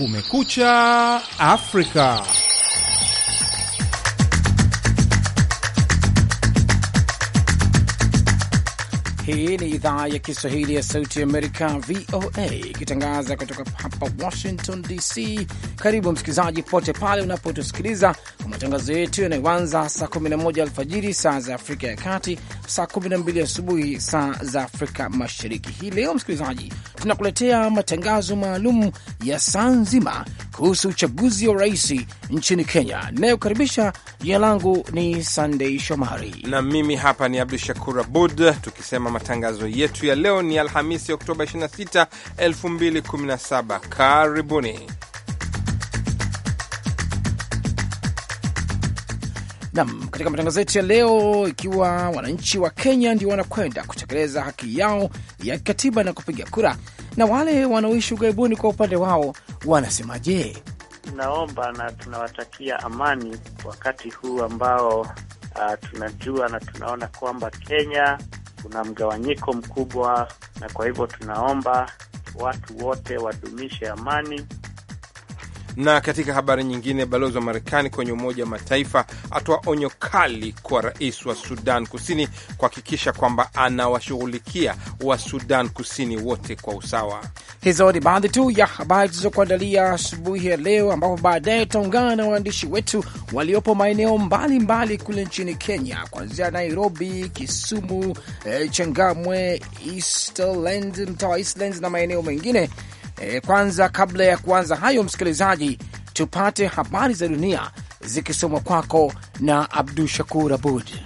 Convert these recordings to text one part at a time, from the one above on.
Kumekucha Afrika. Hii ni idhaa ya Kiswahili ya Sauti ya Amerika, VOA, ikitangaza kutoka hapa Washington DC. Karibu msikilizaji, pote pale unapotusikiliza Matangazo yetu yanayoanza saa 11 alfajiri saa za Afrika ya Kati, saa 12 asubuhi saa za Afrika Mashariki. Hii leo, msikilizaji, tunakuletea matangazo maalum ya saa nzima kuhusu uchaguzi wa urais nchini Kenya inayokaribisha. Jina langu ni Sandei Shomari na mimi hapa ni Abdu Shakur Abud, tukisema matangazo yetu ya leo ni Alhamisi, Oktoba 26, 2017. Karibuni. Nam, katika matangazo yetu ya leo, ikiwa wananchi wa Kenya ndio wanakwenda kutekeleza haki yao ya kikatiba na kupiga kura, na wale wanaoishi ughaibuni kwa upande wao wanasemaje? Tunaomba na tunawatakia amani wakati huu ambao uh, tunajua na tunaona kwamba Kenya kuna mgawanyiko mkubwa, na kwa hivyo tunaomba watu wote wadumishe amani na katika habari nyingine, balozi wa Marekani kwenye Umoja wa Mataifa atoa onyo kali kwa rais wa Sudan Kusini kuhakikisha kwamba anawashughulikia wa Sudan Kusini wote kwa usawa. Hizo ni baadhi tu ya habari tulizokuandalia asubuhi ya leo, ambapo baadaye tutaungana na waandishi wetu waliopo maeneo mbalimbali kule nchini Kenya, kuanzia Nairobi, Kisumu, eh, Changamwe, Eastland, mtaa wa na maeneo mengine E, kwanza kabla ya kuanza hayo, msikilizaji, tupate habari za dunia zikisomwa kwako na Abdu Shakur Abud.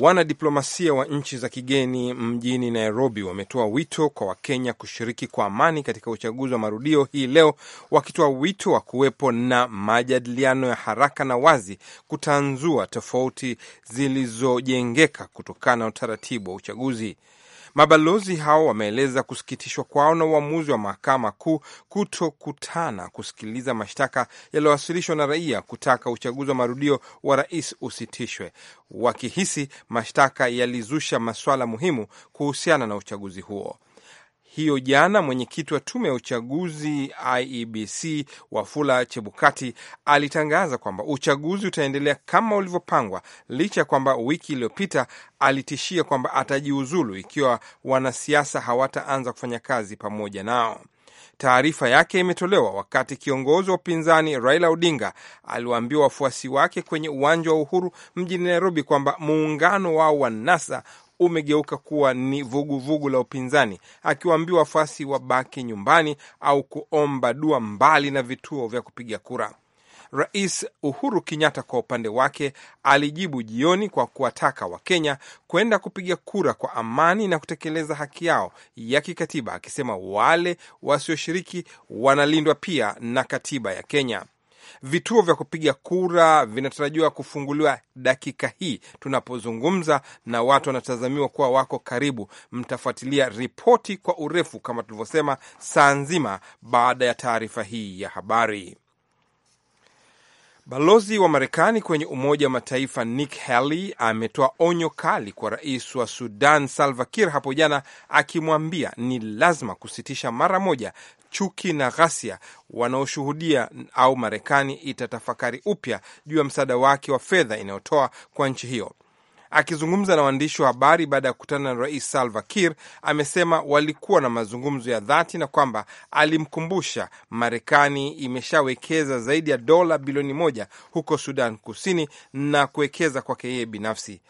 Wanadiplomasia wa nchi za kigeni mjini Nairobi wametoa wito kwa Wakenya kushiriki kwa amani katika uchaguzi wa marudio hii leo, wakitoa wito wa kuwepo na majadiliano ya haraka na wazi kutanzua tofauti zilizojengeka kutokana na utaratibu wa uchaguzi. Mabalozi hao wameeleza kusikitishwa kwao na uamuzi wa mahakama kuu kutokutana kusikiliza mashtaka yaliyowasilishwa na raia kutaka uchaguzi wa marudio wa rais usitishwe, wakihisi mashtaka yalizusha masuala muhimu kuhusiana na uchaguzi huo hiyo jana, mwenyekiti wa tume ya uchaguzi IEBC Wafula Chebukati alitangaza kwamba uchaguzi utaendelea kama ulivyopangwa, licha ya kwamba wiki iliyopita alitishia kwamba atajiuzulu ikiwa wanasiasa hawataanza kufanya kazi pamoja nao. Taarifa yake imetolewa wakati kiongozi wa upinzani Raila Odinga aliwaambia wafuasi wake kwenye uwanja wa Uhuru mjini Nairobi kwamba muungano wao wa NASA umegeuka kuwa ni vuguvugu vugu la upinzani, akiwaambia wafuasi wabaki nyumbani au kuomba dua mbali na vituo vya kupiga kura. Rais Uhuru Kenyatta kwa upande wake alijibu jioni kwa kuwataka Wakenya kwenda kupiga kura kwa amani na kutekeleza haki yao ya kikatiba, akisema wale wasioshiriki wanalindwa pia na katiba ya Kenya. Vituo vya kupiga kura vinatarajiwa kufunguliwa dakika hii tunapozungumza, na watu wanatazamiwa kuwa wako karibu. Mtafuatilia ripoti kwa urefu kama tulivyosema, saa nzima baada ya taarifa hii ya habari. Balozi wa Marekani kwenye Umoja wa Mataifa Nick Haley ametoa onyo kali kwa rais wa Sudan Salva Kiir hapo jana, akimwambia ni lazima kusitisha mara moja chuki na ghasia wanaoshuhudia au Marekani itatafakari upya juu ya msaada wake wa fedha inayotoa kwa nchi hiyo. Akizungumza na waandishi wa habari baada ya kukutana na Rais Salva Kiir, amesema walikuwa na mazungumzo ya dhati na kwamba alimkumbusha Marekani imeshawekeza zaidi ya dola bilioni moja huko Sudan Kusini na kuwekeza kwake yeye binafsi.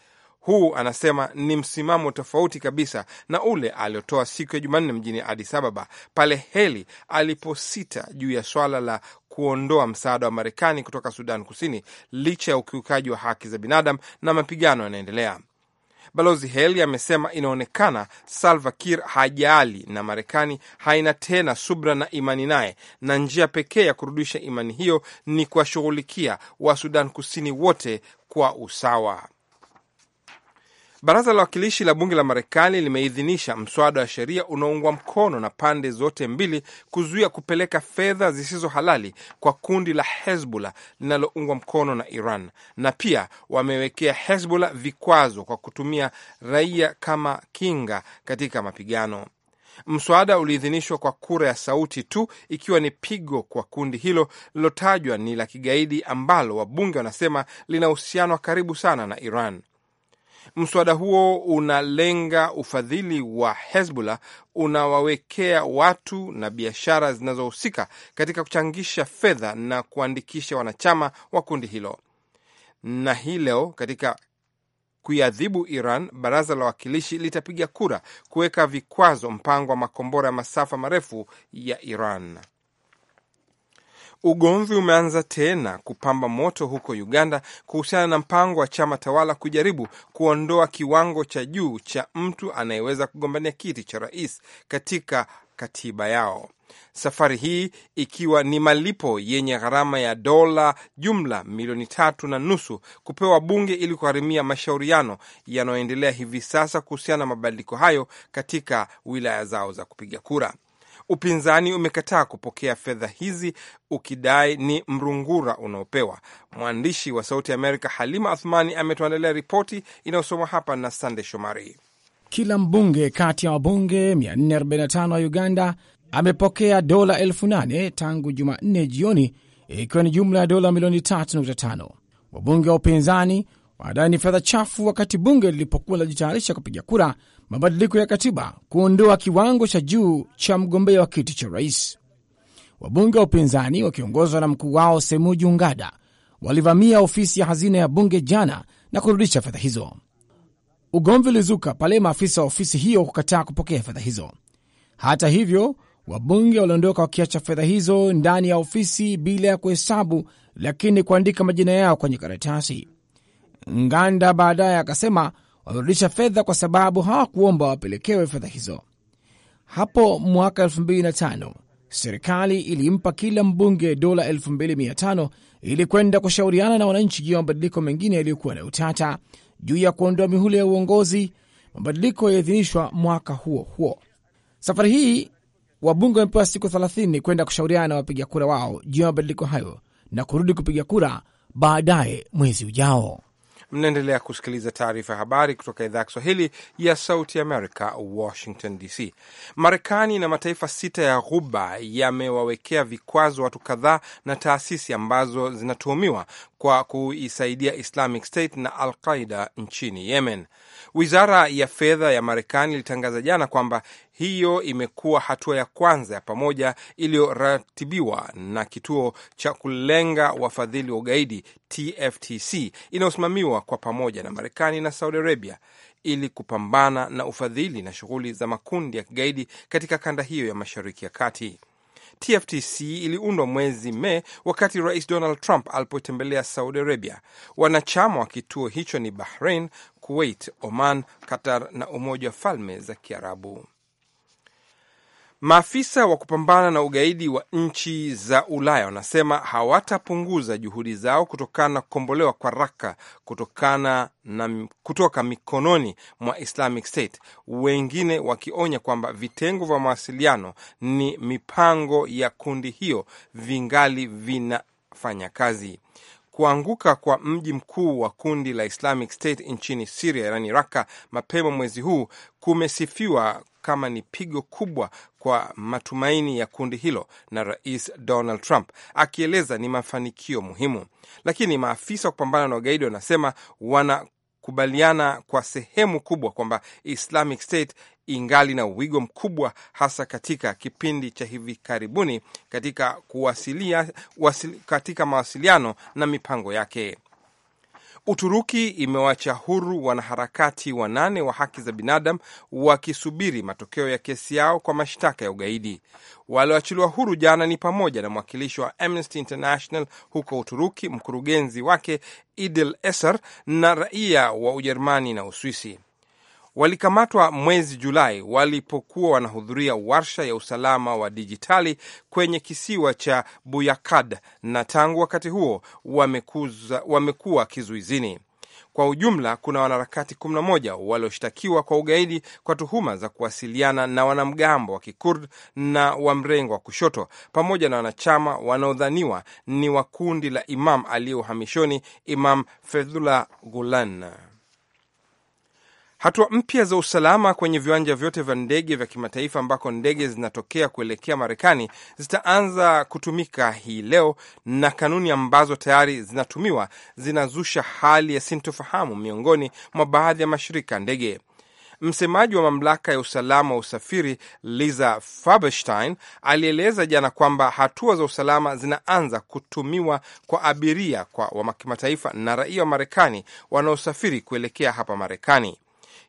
Huu anasema ni msimamo tofauti kabisa na ule aliotoa siku ya Jumanne mjini Addis Ababa pale Heli aliposita juu ya swala la kuondoa msaada wa Marekani kutoka Sudan Kusini licha ya ukiukaji wa haki za binadamu na mapigano yanaendelea. Balozi Heli amesema inaonekana Salva Kiir hajali na Marekani haina tena subra na imani naye, na njia pekee ya kurudisha imani hiyo ni kuwashughulikia wa Sudan Kusini wote kwa usawa. Baraza la Wawakilishi la Bunge la Marekani limeidhinisha mswada wa sheria unaoungwa mkono na pande zote mbili kuzuia kupeleka fedha zisizo halali kwa kundi la Hezbollah linaloungwa mkono na Iran, na pia wamewekea Hezbollah vikwazo kwa kutumia raia kama kinga katika mapigano. Mswada uliidhinishwa kwa kura ya sauti tu, ikiwa ni pigo kwa kundi hilo lililotajwa ni la kigaidi ambalo wabunge wanasema lina uhusiano wa karibu sana na Iran. Mswada huo unalenga ufadhili wa Hezbollah, unawawekea watu na biashara zinazohusika katika kuchangisha fedha na kuandikisha wanachama wa kundi hilo. Na hii leo katika kuiadhibu Iran, baraza la wawakilishi litapiga kura kuweka vikwazo mpango wa makombora ya masafa marefu ya Iran. Ugomvi umeanza tena kupamba moto huko Uganda kuhusiana na mpango wa chama tawala kujaribu kuondoa kiwango cha juu cha mtu anayeweza kugombania kiti cha rais katika katiba yao, safari hii ikiwa ni malipo yenye gharama ya dola jumla milioni tatu na nusu kupewa bunge ili kugharimia mashauriano yanayoendelea hivi sasa kuhusiana na mabadiliko hayo katika wilaya zao za kupiga kura. Upinzani umekataa kupokea fedha hizi ukidai ni mrungura unaopewa. Mwandishi wa Sauti ya Amerika Halima Athmani ametuandalia ripoti inayosomwa hapa na Sande Shomari. Kila mbunge kati ya wabunge 445 wa Uganda amepokea dola 8 tangu Jumanne jioni, ikiwa ni jumla ya dola milioni 3.5. Wabunge wa upinzani Baadaye ni fedha chafu, wakati bunge lilipokuwa linajitayarisha kupiga kura mabadiliko ya katiba kuondoa kiwango cha juu cha mgombea wa kiti cha rais. Wabunge wa upinzani wakiongozwa na mkuu wao Semuju Ngada walivamia ofisi ya hazina ya bunge jana na kurudisha fedha hizo. Ugomvi ulizuka pale maafisa wa ofisi hiyo kukataa kupokea fedha hizo. Hata hivyo, wabunge waliondoka wakiacha fedha hizo ndani ya ofisi bila ya kuhesabu, lakini kuandika majina yao kwenye karatasi. Nganda baadaye akasema wamerudisha fedha kwa sababu hawakuomba wapelekewe fedha hizo. Hapo mwaka 2005 serikali ilimpa kila mbunge dola 2500 ili kwenda kushauriana na wananchi juu ya mabadiliko mengine yaliyokuwa na utata juu ya kuondoa mihula ya uongozi. Mabadiliko yaliidhinishwa mwaka huo huo. Safari hii wabunge wamepewa siku 30 kwenda kushauriana na wapiga kura wao juu ya mabadiliko hayo na kurudi kupiga kura baadaye mwezi ujao. Mnaendelea kusikiliza taarifa ya habari kutoka idhaa ya Kiswahili ya Sauti Amerika, Washington DC. Marekani na mataifa sita ya Ghuba yamewawekea vikwazo watu kadhaa na taasisi ambazo zinatuhumiwa kwa kuisaidia Islamic State na Al Qaida nchini Yemen. Wizara ya fedha ya Marekani ilitangaza jana kwamba hiyo imekuwa hatua ya kwanza ya pamoja iliyoratibiwa na kituo cha kulenga wafadhili wa ugaidi TFTC inayosimamiwa kwa pamoja na Marekani na Saudi Arabia ili kupambana na ufadhili na shughuli za makundi ya kigaidi katika kanda hiyo ya Mashariki ya Kati. TFTC iliundwa mwezi Mei wakati Rais Donald Trump alipotembelea Saudi Arabia. Wanachama wa kituo hicho ni Bahrain, Kuwait, Oman, Qatar na Umoja wa Falme za Kiarabu. Maafisa wa kupambana na ugaidi wa nchi za Ulaya wanasema hawatapunguza juhudi zao kutokana na kukombolewa kwa Raka kutokana na kutoka mikononi mwa Islamic State, wengine wakionya kwamba vitengo vya mawasiliano ni mipango ya kundi hiyo vingali vinafanya kazi. Kuanguka kwa mji mkuu wa kundi la Islamic State nchini Siria, yaani Raka, mapema mwezi huu kumesifiwa kama ni pigo kubwa kwa matumaini ya kundi hilo na Rais Donald Trump, akieleza ni mafanikio muhimu. Lakini maafisa wa kupambana na ugaidi wanasema wanakubaliana kwa sehemu kubwa kwamba Islamic State ingali na wigo mkubwa, hasa katika kipindi cha hivi karibuni katika, kuwasilia, wasili, katika mawasiliano na mipango yake. Uturuki imewacha huru wanaharakati wanane wa haki za binadamu wakisubiri matokeo ya kesi yao kwa mashtaka ya ugaidi. Walioachiliwa huru jana ni pamoja na mwakilishi wa Amnesty International huko Uturuki, mkurugenzi wake Idil Eser na raia wa Ujerumani na Uswisi walikamatwa mwezi Julai walipokuwa wanahudhuria warsha ya usalama wa dijitali kwenye kisiwa cha Buyakad na tangu wakati huo wamekuza, wamekuwa kizuizini. Kwa ujumla kuna wanaharakati 11 walioshtakiwa kwa ugaidi kwa tuhuma za kuwasiliana na wanamgambo wa Kikurd na wa mrengo wa kushoto pamoja na wanachama wanaodhaniwa ni wa kundi la Imam aliye uhamishoni Imam Fethullah Gulen. Hatua mpya za usalama kwenye viwanja vyote vya ndege vya kimataifa ambako ndege zinatokea kuelekea Marekani zitaanza kutumika hii leo, na kanuni ambazo tayari zinatumiwa zinazusha hali ya sintofahamu miongoni mwa baadhi ya mashirika ndege. Msemaji wa mamlaka ya usalama wa usafiri Liza Faberstein alieleza jana kwamba hatua za usalama zinaanza kutumiwa kwa abiria kwa wa kimataifa na raia wa Marekani wanaosafiri kuelekea hapa Marekani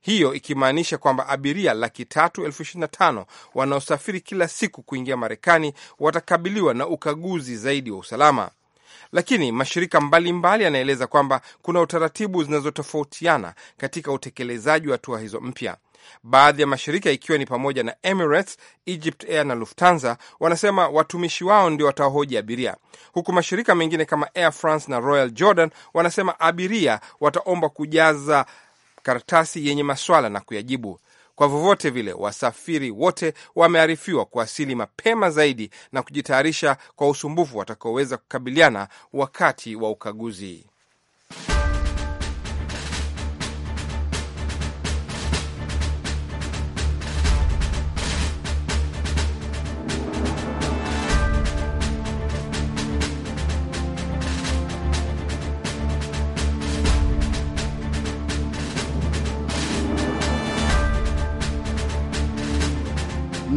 hiyo ikimaanisha kwamba abiria laki tatu elfu ishirini na tano wanaosafiri kila siku kuingia Marekani watakabiliwa na ukaguzi zaidi wa usalama. Lakini mashirika mbalimbali yanaeleza mbali kwamba kuna utaratibu zinazotofautiana katika utekelezaji wa hatua hizo mpya. Baadhi ya mashirika ikiwa ni pamoja na Emirates, Egypt Air na Lufthansa wanasema watumishi wao ndio watahoji abiria, huku mashirika mengine kama Air France na Royal Jordan wanasema abiria wataomba kujaza karatasi yenye maswala na kuyajibu. Kwa vyovyote vile, wasafiri wote wamearifiwa kuwasili mapema zaidi na kujitayarisha kwa usumbufu watakaoweza kukabiliana wakati wa ukaguzi.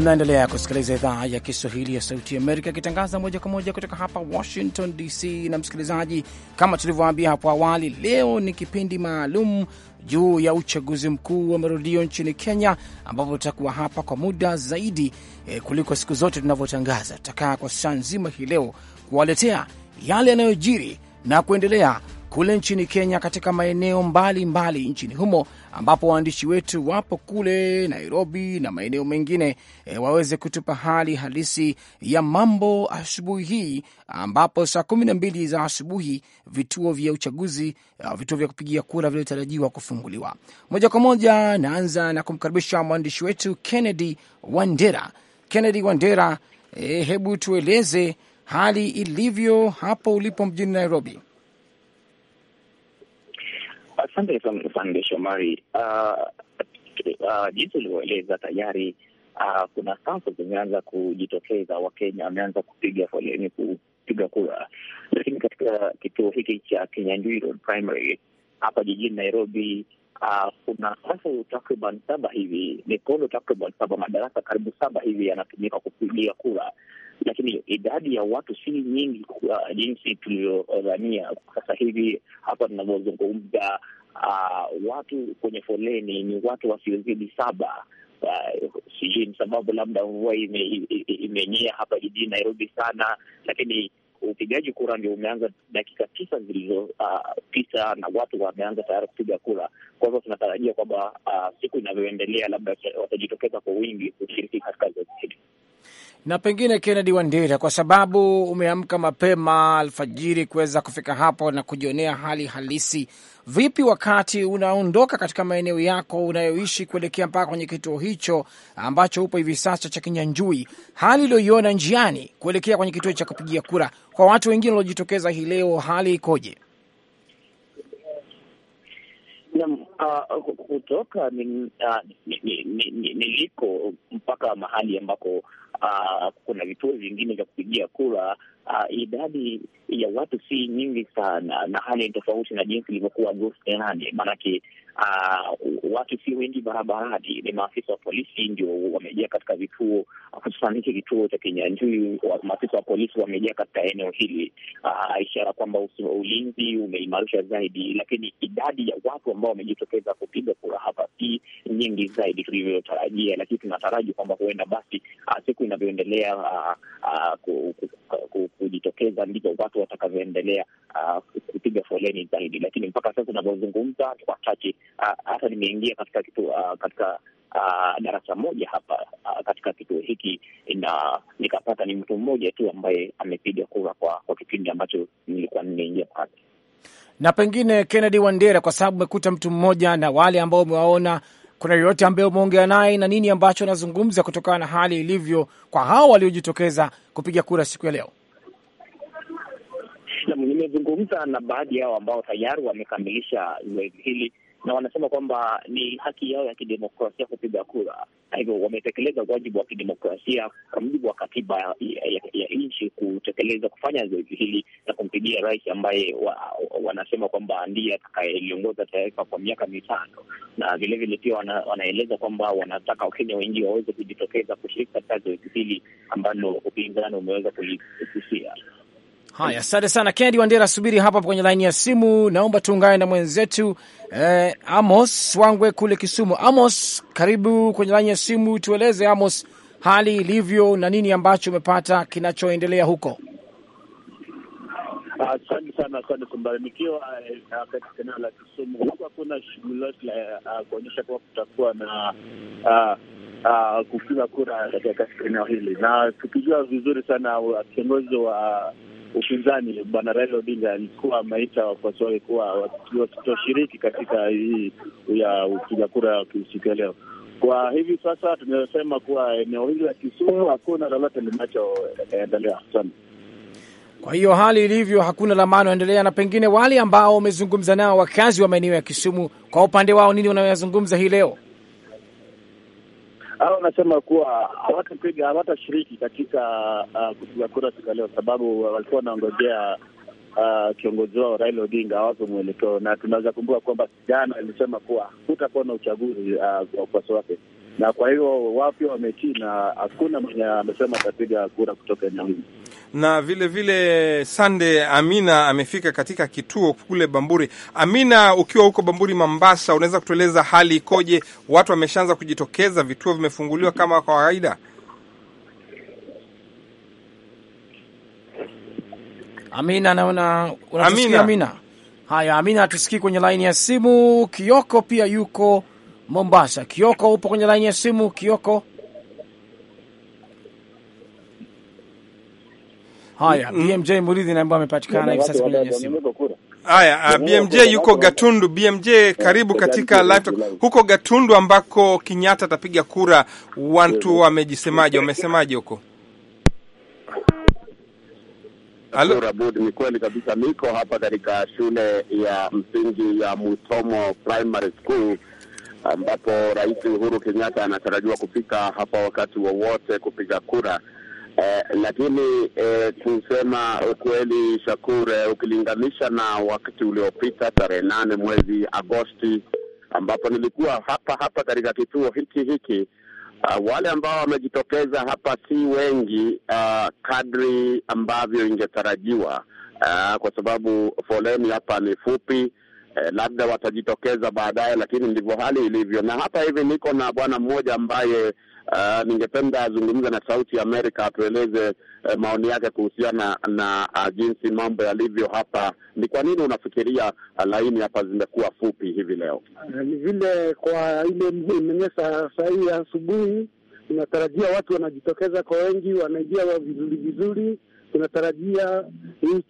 Mnaendelea kusikiliza idhaa ya Kiswahili ya Sauti ya Amerika ikitangaza moja kwa moja kutoka hapa Washington DC. Na msikilizaji, kama tulivyoambia hapo awali, leo ni kipindi maalum juu ya uchaguzi mkuu wa marudio nchini Kenya, ambapo tutakuwa hapa kwa muda zaidi eh, kuliko siku zote tunavyotangaza. Tutakaa kwa saa nzima hii leo kuwaletea yale yanayojiri na kuendelea kule nchini Kenya, katika maeneo mbalimbali mbali nchini humo, ambapo waandishi wetu wapo kule Nairobi na maeneo mengine e, waweze kutupa hali halisi ya mambo asubuhi hii, ambapo saa kumi na mbili za asubuhi vituo vya uchaguzi, e, vituo vya kupigia kura vilivyotarajiwa kufunguliwa. Moja kwa moja naanza na kumkaribisha mwandishi wetu Kennedy Wandera. Kennedy Wandera, e, hebu tueleze hali ilivyo hapo ulipo mjini Nairobi. Asante Sande Shomari. Uh, uh, jinsi ulivyoeleza tayari, uh, kuna safu zimeanza kujitokeza. Wakenya wameanza kupiga foleni kupiga kura, lakini katika kituo hiki cha Kenya Primary hapa jijini Nairobi, uh, kuna safu takriban saba hivi, mikono takriban saba, madarasa karibu saba hivi yanatumika kupigia kura lakini idadi ya watu si nyingi uh, jinsi tuliyodhania. Sasa hivi hapa tunavyozungumza, uh, watu kwenye foleni ni watu wasiozidi saba. Uh, sijui ni sababu labda mvua imenyea ime, ime hapa jijini Nairobi sana, lakini upigaji kura ndio umeanza dakika tisa zilizopita, uh, na watu wameanza tayari kupiga kura. Kwa hivyo tunatarajia kwamba uh, siku inavyoendelea labda watajitokeza kwa wingi kushiriki katika zoezi hili. Na pengine Kennedy Wandera, kwa sababu umeamka mapema alfajiri kuweza kufika hapo na kujionea hali halisi, vipi wakati unaondoka katika maeneo yako unayoishi kuelekea mpaka kwenye kituo hicho ambacho upo hivi sasa cha Kinyanjui, hali uliyoiona njiani kuelekea kwenye kituo cha kupigia kura, kwa watu wengine waliojitokeza hii leo, hali ikoje? Kutoka niliko mpaka mahali ambako uh, kuna vituo vingine vya kupigia kura uh, idadi ya watu si nyingi sana, na hali ni tofauti na jinsi ilivyokuwa Agosti nane, maanake uh, watu si wengi barabarani. Ni maafisa wa polisi ndio wamejaa katika vituo, hususan hiki kituo cha Kinyanjui. Maafisa wa polisi wamejaa katika eneo hili uh, ishara kwamba ulinzi umeimarisha zaidi, lakini idadi ya watu ambao wamejitokeza kupiga kura hapa si nyingi zaidi tulivyotarajia, lakini tunataraji kwamba huenda basi uh, siku inavyoendelea uh, uh, kujitokeza ndivyo watu watakavyoendelea uh, kupiga foleni zaidi, lakini mpaka sasa unavyozungumza ni wachache. Uh, hata uh, nimeingia katika kitu uh, katika Uh, darasa moja hapa uh, katika kituo hiki na nikapata ni mtu mmoja tu ambaye amepiga kura kwa, kwa kipindi ambacho nilikuwa nimeingia pale. Na pengine Kennedy Wandera, kwa sababu umekuta mtu mmoja na wale ambao umewaona kuna yoyote ambaye umeongea naye na nini ambacho anazungumza kutokana na hali ilivyo kwa hao waliojitokeza kupiga kura siku ya leo? Nimezungumza na baadhi yao ambao tayari wamekamilisha zoezi hili na wanasema kwamba ni haki yao ya kidemokrasia kupiga kura, Kwa hivyo wametekeleza wajibu wa kidemokrasia kwa mujibu wa katiba ya, ya, ya nchi kutekeleza kufanya zoezi hili na kumpigia rais ambaye wa, wa, wanasema kwamba ndiye atakayeliongoza taifa kwa miaka mitano, na vilevile pia wana, wanaeleza kwamba wanataka Wakenya wengi waweze kujitokeza kushiriki katika zoezi hili ambalo upinzani umeweza kulisusia. Haya, asante sana Kendi Wandera, subiri hapa kwenye laini ya simu. Naomba tuungane na mwenzetu eh, Amos Wangwe kule Kisumu. Amos, karibu kwenye laini ya simu. Tueleze Amos, hali ilivyo na nini ambacho umepata kinachoendelea huko. Asante sana asante Kumbara, nikiwa eh, katika eneo la Kisumu huku hakuna shughuli yote la eh, eh, kuonyesha kuwa kutakuwa na ah, ah, kupiga kura katika eneo hili, na tukijua vizuri sana uh, kiongozi wa upinzani Bwana Raila Odinga alikuwa ameita wafuasi wake kuwa wasitoshiriki katika hii ya upiga kura siku ya leo. Kwa hivi sasa tunasema kuwa eneo hili la Kisumu hakuna lolote linachoendelea sana. Kwa hiyo hali ilivyo, hakuna lamano endelea. Na pengine wale ambao wamezungumza nao, wakazi wa maeneo ya Kisumu, kwa upande wao nini wanaoyazungumza hii leo? hao wanasema kuwa hawatapiga hawatashiriki katika uh, kupiga kura siku leo, sababu walikuwa wanaongojea uh, kiongozi wao Raila Odinga awape mwelekeo, na tunaweza kumbuka kwamba jana alisema kuwa kutakuwa na uchaguzi uh, kwa wafuasi wake na kwa hiyo wapya wametii na hakuna mwenye amesema atapiga kura kutoka eneo hili. Na vile vile Sande Amina amefika katika kituo kule Bamburi. Amina, ukiwa huko Bamburi Mombasa, unaweza kutueleza hali ikoje? Watu wameshaanza kujitokeza, vituo vimefunguliwa kama kwa kawaida? Amina, naona unatusikia Amina. Haya, Amina hatusikii kwenye laini ya simu. Kioko pia yuko Mombasa. Kioko, upo kwenye laini ya simu? Kioko, haya. BMJ Muridhi naambiwa amepatikana hivi sasa kwenye simu. Haya, ah, BMJ yuko Gatundu. BMJ, eh, karibu katika live huko Gatundu ambako kinyatta atapiga kura. Watu wamejisemaje? Wamesemaje huko? Abud, ni kweli kabisa, niko hapa katika shule ya msingi ya Mutomo Primary School ambapo Rais Uhuru Kenyatta anatarajiwa kufika hapa wakati wowote wa kupiga kura. Eh, lakini eh, kusema ukweli Shakur, eh, ukilinganisha na wakati uliopita tarehe nane mwezi Agosti ambapo nilikuwa hapa hapa katika kituo hiki hiki, uh, wale ambao wamejitokeza hapa si wengi uh, kadri ambavyo ingetarajiwa uh, kwa sababu foleni hapa ni fupi eh, labda watajitokeza baadaye, lakini ndivyo hali ilivyo. Na hapa hivi niko na bwana mmoja ambaye uh, ningependa azungumze na Sauti ya Amerika atueleze eh, maoni yake kuhusiana na, na uh, jinsi mambo yalivyo hapa. Ni kwa nini unafikiria uh, laini hapa zimekuwa fupi hivi leo? Ni vile kwa ile imenyesha saa hii asubuhi, inatarajia watu wanajitokeza kwa wengi, wanaingia wa vizuri vizuri tunatarajia hii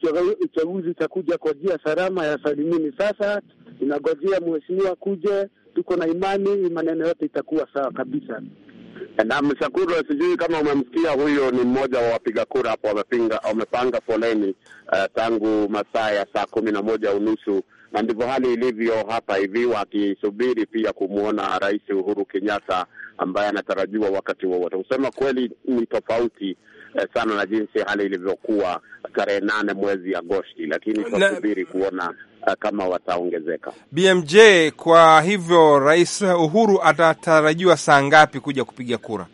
uchaguzi itakuja kwa njia salama ya salimini. Sasa tunagojea mheshimiwa kuje, tuko na imani hii maneno yote itakuwa sawa kabisa. Na mshakuru, sijui kama umemsikia huyo, ni mmoja wa wapiga kura hapo, wamepinga wamepanga foleni uh, tangu masaa ya saa kumi na moja unusu na ndivyo hali ilivyo hapa hivi, wakisubiri pia kumwona Rais Uhuru Kenyatta ambaye anatarajiwa wakati wowote wa. Kusema kweli ni tofauti Eh, sana na jinsi hali ilivyokuwa tarehe nane mwezi Agosti, lakini tunasubiri kuona eh, kama wataongezeka. BMJ, kwa hivyo Rais Uhuru atatarajiwa saa ngapi kuja kupiga kura?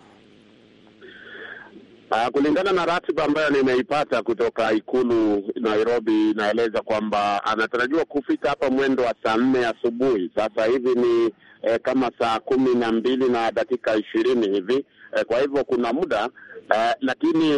Uh, kulingana na ratiba ambayo nimeipata kutoka ikulu Nairobi inaeleza kwamba anatarajiwa kufika hapa mwendo wa saa nne asubuhi. Sasa hivi ni eh, kama saa kumi na mbili na dakika ishirini hivi eh, kwa hivyo kuna muda eh, lakini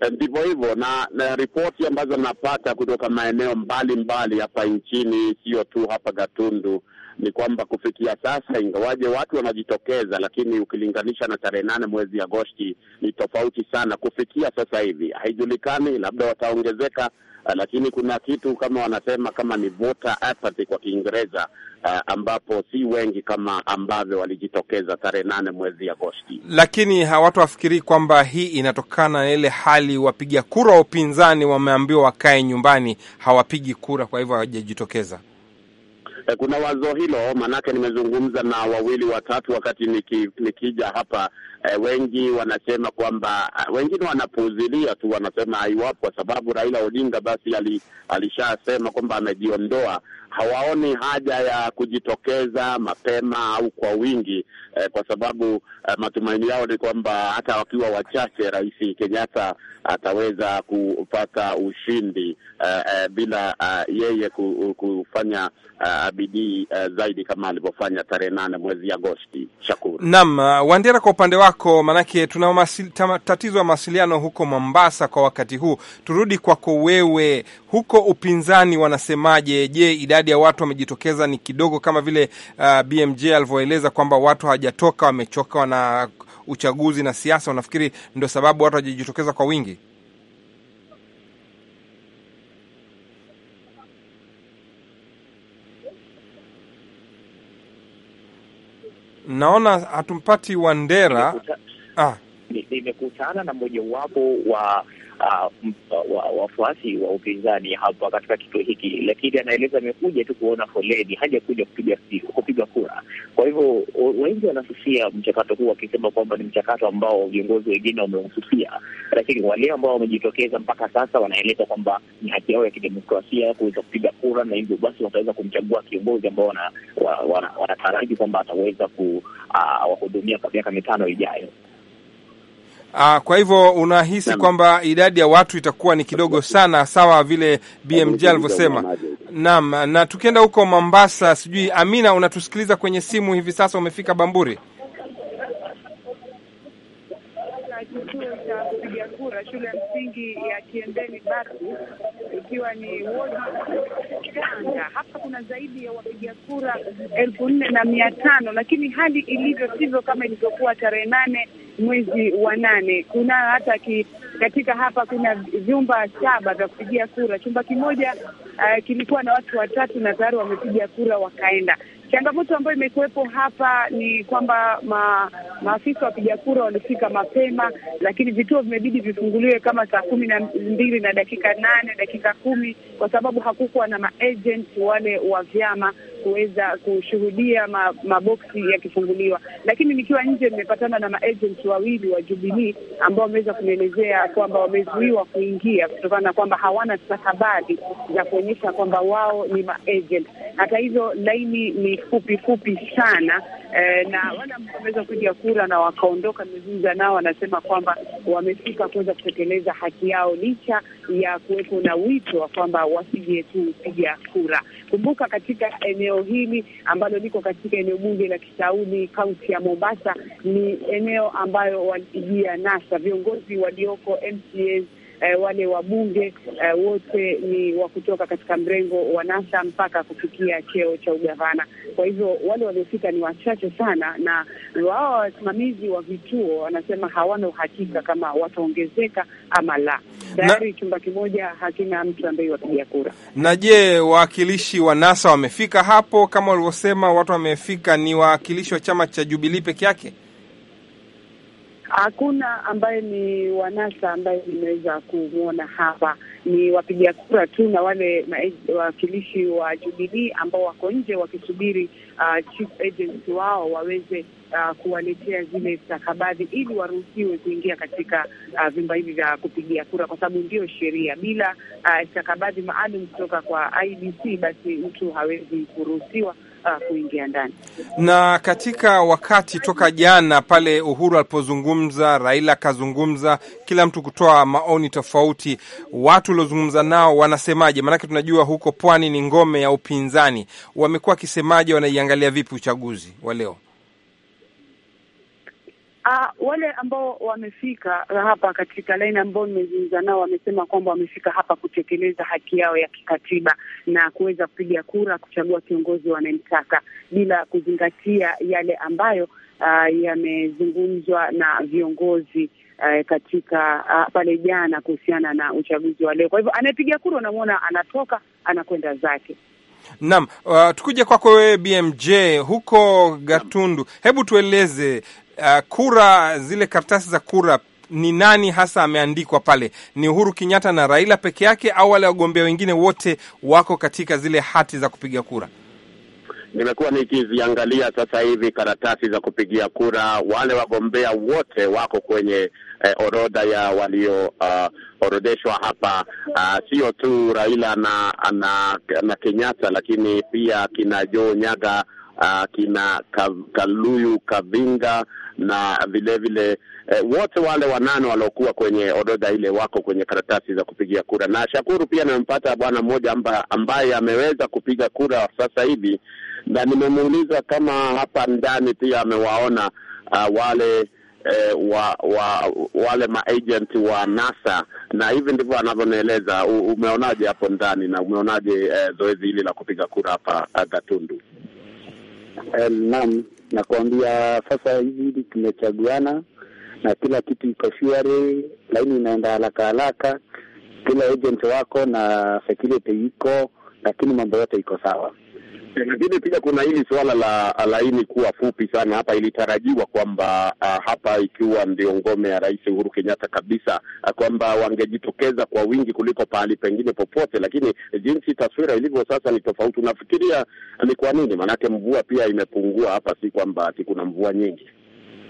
eh, ndivyo eh, hivyo na, na ripoti ambazo napata kutoka maeneo mbalimbali hapa mbali, nchini, sio tu hapa Gatundu ni kwamba kufikia sasa, ingawaje watu wanajitokeza, lakini ukilinganisha na tarehe nane mwezi Agosti ni tofauti sana. Kufikia sasa hivi haijulikani, labda wataongezeka, eh, lakini kuna kitu kama wanasema kama ni voter apathy kwa Kiingereza, uh, ambapo si wengi kama ambavyo walijitokeza tarehe nane mwezi Agosti. Lakini hawatu wafikirii kwamba hii inatokana na ile hali wapiga kura wa upinzani wameambiwa wakae nyumbani, hawapigi kura, kwa hivyo hawajajitokeza eh, kuna wazo hilo, maanake nimezungumza na wawili watatu wakati niki, nikija hapa eh, wengi wanasema kwamba eh, wengine wanapuuzilia tu, wanasema haiwapo kwa sababu Raila Odinga basi ali, alishasema kwamba amejiondoa hawaoni haja ya kujitokeza mapema au kwa wingi eh, kwa sababu eh, matumaini yao ni kwamba hata wakiwa wachache Rais Kenyatta ataweza kupata ushindi eh, eh, bila eh, yeye kufanya eh, bidii eh, zaidi kama alivyofanya tarehe nane mwezi Agosti. Shakuru. Naam, eh, Wandera, kwa upande wako, maanake tuna masil, tama, tatizo ya mawasiliano huko Mombasa kwa wakati huu. Turudi kwako wewe, huko upinzani wanasemaje? Je, idadi idadi ya watu wamejitokeza ni kidogo, kama vile uh, BMJ alivyoeleza kwamba watu hawajatoka, wamechoka na uchaguzi na siasa. Unafikiri ndio sababu watu hawajajitokeza kwa wingi? Naona hatumpati Wandera. Ah. Nimekutana ah, na mmojawapo wa Uh, wafuasi wa, wa upinzani hapa katika kituo hiki, lakini anaeleza amekuja tu kuona foleni, hajakuja kupiga kupiga kura. Kwa hivyo wengi wanasusia mchakato huu wakisema kwamba ni mchakato ambao viongozi wengine wamehususia lakini wale ambao wamejitokeza mpaka sasa wanaeleza kwamba ni haki yao ya kidemokrasia kuweza kupiga kura, na hivyo basi wataweza kumchagua kiongozi ambao wanataraji wana, wana, wana kwamba ataweza kuwahudumia uh, kwa miaka mitano ijayo. Aa, ah, kwa hivyo unahisi kwamba idadi ya watu itakuwa ni kidogo sana, sawa vile BMJ alivyosema. Naam, na tukienda huko Mombasa, sijui Amina, unatusikiliza kwenye simu hivi sasa, umefika Bamburi? ya shule ya msingi ya Kiendeni baru ikiwa ni wodi Tanga. Hapa kuna zaidi ya wapiga kura elfu nne na mia tano lakini hali ilivyo sivyo kama ilivyokuwa tarehe nane mwezi wa nane. Kuna hata ki, katika hapa kuna vyumba saba vya kupigia kura. Chumba kimoja uh, kilikuwa na watu watatu na tayari wamepiga kura wakaenda. Changamoto ambayo imekuwepo hapa ni kwamba ma, maafisa wapiga kura walifika mapema, lakini vituo vimebidi vifunguliwe kama saa kumi na mbili na dakika nane dakika kumi kwa sababu hakukuwa na maagent wale wa vyama kuweza kushuhudia maboksi yakifunguliwa, lakini nikiwa nje nimepatana na maagents wawili wa Jubilee ambao wameweza kunielezea kwamba wamezuiwa kuingia kutokana na kwamba hawana stakabadhi za kuonyesha kwamba wao ni maagent. Hata hivyo laini ni fupi fupi sana E, na wale ambao wameweza kupiga kura na wakaondoka, nimezungumza nao, wanasema kwamba wamefika kuweza kutekeleza haki yao licha ya kuwepo na wito wa kwamba wasije tu piga kura. Kumbuka katika eneo hili ambalo liko katika eneo bunge la Kisauni, kaunti ya Mombasa, ni eneo ambayo walipigia NASA viongozi walioko MCAs eh, wale wabunge eh, wote ni wa kutoka katika mrengo wa NASA mpaka kufikia cheo cha ugavana. Kwa hivyo wale waliofika ni wachache sana, na wao wasimamizi wa vituo wanasema hawana uhakika kama wataongezeka ama la tayari chumba kimoja hakina mtu ambaye wapiga kura. Na je, wawakilishi wa NASA wamefika hapo? Kama walivyosema watu wamefika, ni wawakilishi wa chama cha Jubilee peke yake. Hakuna ambaye ni wanasa ambaye nimeweza kumwona hapa, ni wapiga kura tu na wale wawakilishi wa Jubilii ambao wako nje wakisubiri uh, chief wao waweze uh, kuwaletea zile stakabadhi ili waruhusiwe kuingia katika uh, vyumba hivi vya kupigia kura, kwa sababu ndiyo sheria. Bila uh, stakabadhi maalum kutoka kwa IBC, basi mtu hawezi kuruhusiwa uh, kuingia ndani. Na katika wakati toka jana pale Uhuru alipozungumza, Raila akazungumza, kila mtu kutoa maoni tofauti, watu waliozungumza nao wanasemaje? Maanake tunajua huko pwani ni ngome ya upinzani, wamekuwa wakisemaje? Wanaiangalia vipi uchaguzi wa leo? Uh, wale ambao wamefika hapa katika laini ambao nimezungumza nao wamesema kwamba wamefika hapa kutekeleza haki yao ya kikatiba na kuweza kupiga kura kuchagua kiongozi wanayemtaka bila kuzingatia yale ambayo uh, yamezungumzwa na viongozi uh, katika uh, pale jana kuhusiana na uchaguzi wa leo. Kwa hivyo anayepiga kura unamwona anatoka anakwenda zake. Naam, uh, tukuje kwako wewe BMJ huko Gatundu, hebu tueleze uh, kura zile karatasi za kura ni nani hasa ameandikwa pale? Ni Uhuru Kenyatta na Raila peke yake, au wale wagombea wengine wote wako katika zile hati za kupiga kura? Nimekuwa nikiziangalia sasa hivi karatasi za kupigia kura, wale wagombea wote wako kwenye eh, orodha ya walioorodheshwa eh, uh, hapa uh, sio tu Raila na, na, na Kenyatta, lakini pia kina Joe Nyaga Uh, kina Kaluyu Kavinga na vilevile eh, wote wale wanane waliokuwa kwenye orodha ile wako kwenye karatasi za kupigia kura. Na shakuru pia nimempata bwana mmoja amba, ambaye ameweza kupiga kura sasa hivi, na nimemuuliza kama hapa ndani pia amewaona uh, wale eh, wa, wa wale maagent wa NASA na hivi ndivyo anavyonieleza. Umeonaje hapo ndani na umeonaje eh, zoezi hili la kupiga kura hapa ah, Gatundu? E, naam, nakwambia sasa hivi tumechaguana na kila kitu iko shwari, laini inaenda haraka haraka, kila agent wako na security iko, lakini mambo yote iko sawa. Eh, lakini pia kuna hili suala la laini kuwa fupi sana hapa. Ilitarajiwa kwamba ah, hapa ikiwa ndio ngome ya Rais Uhuru Kenyatta kabisa, ah, kwamba wangejitokeza kwa wingi kuliko pahali pengine popote, lakini jinsi taswira ilivyo sasa ni tofauti. Unafikiria ni kwa nini? Maanake mvua pia imepungua hapa, si kwamba ati kuna mvua nyingi.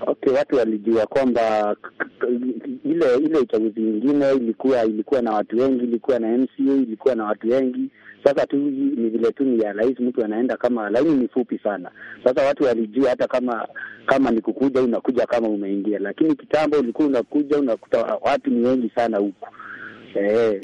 Okay, watu walijua kwamba ile ile uchaguzi nyingine ilikuwa ilikuwa na watu wengi, ilikuwa na MCA, ilikuwa na watu wengi. Sasa tu ni vile tu ni ya rais, mtu anaenda kama laini ni fupi sana. Sasa watu walijua hata kama kama ni kukuja, unakuja kama umeingia, lakini kitambo ulikuwa unakuja unakuta watu ni wengi sana huku eh.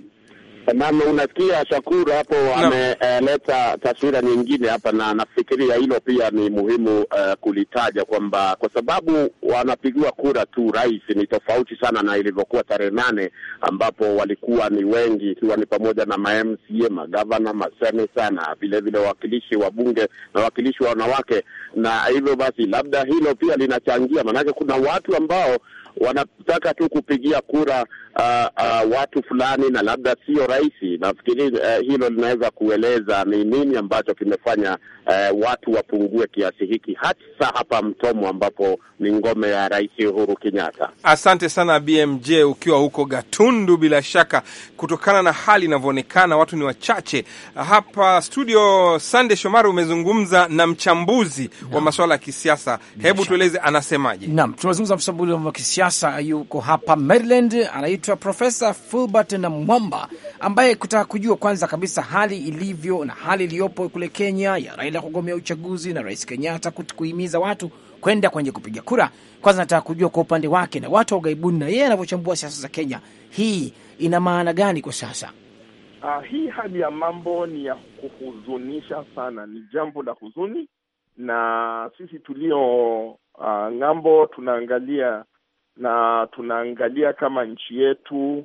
Naam, unasikia Shakuru hapo ameleta eh, taswira nyingine hapa, na nafikiria hilo pia ni muhimu uh, kulitaja kwamba kwa sababu wanapigiwa kura tu rais, ni tofauti sana na ilivyokuwa tarehe nane ambapo walikuwa ni wengi, ikiwa ni pamoja na ma MCA, magavana, maseneta na vile vile wawakilishi wa bunge na wawakilishi wa wanawake, na hivyo basi labda hilo pia linachangia, maanake kuna watu ambao wanataka tu kupigia kura uh, uh, watu fulani na labda sio rais. Nafikiri uh, hilo linaweza kueleza ni nini ambacho kimefanya uh, watu wapungue kiasi hiki, hasa hapa Mtomo ambapo ni ngome ya Rais Uhuru Kenyatta. Asante sana BMJ, ukiwa huko Gatundu. Bila shaka kutokana na hali inavyoonekana, watu ni wachache hapa studio. Sande Shomari, umezungumza na mchambuzi na wa masuala ya kisiasa, hebu tueleze anasemaje? Naam, tumezungumza mchambuzi wa kisiasa siasa yuko hapa Maryland, anaitwa Profesa Fulbert na Mwamba, ambaye kutaka kujua kwanza kabisa hali ilivyo na hali iliyopo kule Kenya ya Raila kugomea uchaguzi na Rais Kenyatta kuhimiza watu kwenda kwenye kupiga kura. Kwanza nataka kujua kwa upande wake na watu wa ughaibuni na yeye anavyochambua siasa za Kenya, hii ina maana gani kwa sasa? Uh, hii hali ya mambo ni ya kuhuzunisha sana, ni jambo la huzuni na sisi tulio uh, ng'ambo tunaangalia na tunaangalia kama nchi yetu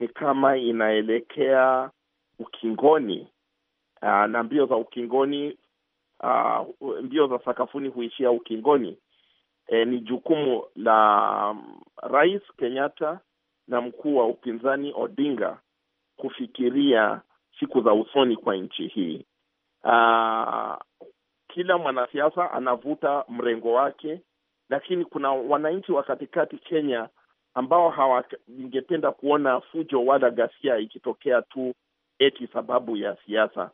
ni kama inaelekea ukingoni, uh, na mbio za ukingoni, uh, mbio za sakafuni huishia ukingoni. E, ni jukumu la mm, Rais Kenyatta na mkuu wa upinzani Odinga kufikiria siku za usoni kwa nchi hii. uh, kila mwanasiasa anavuta mrengo wake lakini kuna wananchi wa katikati Kenya ambao hawangependa kuona fujo wala ghasia ikitokea tu eti sababu ya siasa.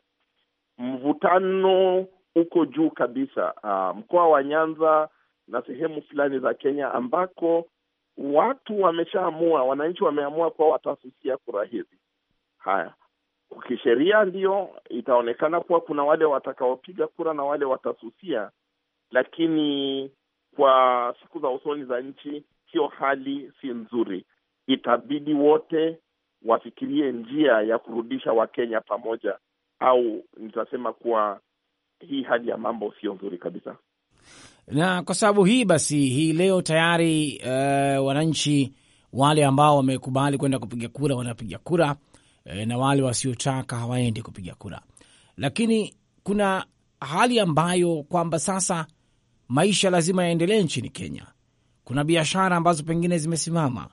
Mvutano uko juu kabisa uh, mkoa wa Nyanza na sehemu fulani za Kenya ambako watu wameshaamua, wananchi wameamua kuwa watasusia kura hizi. Haya, kisheria ndio itaonekana kuwa kuna wale watakaopiga kura na wale watasusia, lakini kwa siku za usoni za nchi, hiyo hali si nzuri. Itabidi wote wafikirie njia ya kurudisha Wakenya pamoja, au nitasema kuwa hii hali ya mambo sio nzuri kabisa. Na kwa sababu hii basi, hii leo tayari uh, wananchi wale ambao wamekubali kwenda kupiga kura wanapiga kura uh, na wale wasiotaka hawaendi kupiga kura, lakini kuna hali ambayo kwamba sasa maisha lazima yaendelee nchini Kenya. Kuna biashara ambazo pengine zimesimama,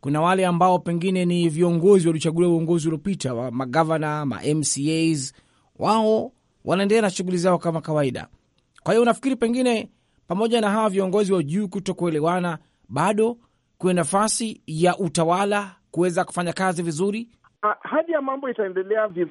kuna wale ambao pengine ni viongozi waliochaguliwa uongozi uliopita wa magavana, ma MCAs, wao wanaendelea na shughuli zao kama kawaida. Kwa hiyo unafikiri pengine pamoja na hawa viongozi wa juu kuto kuelewana, bado kuwe nafasi ya utawala kuweza kufanya kazi vizuri? Hali ya mambo itaendelea vizuri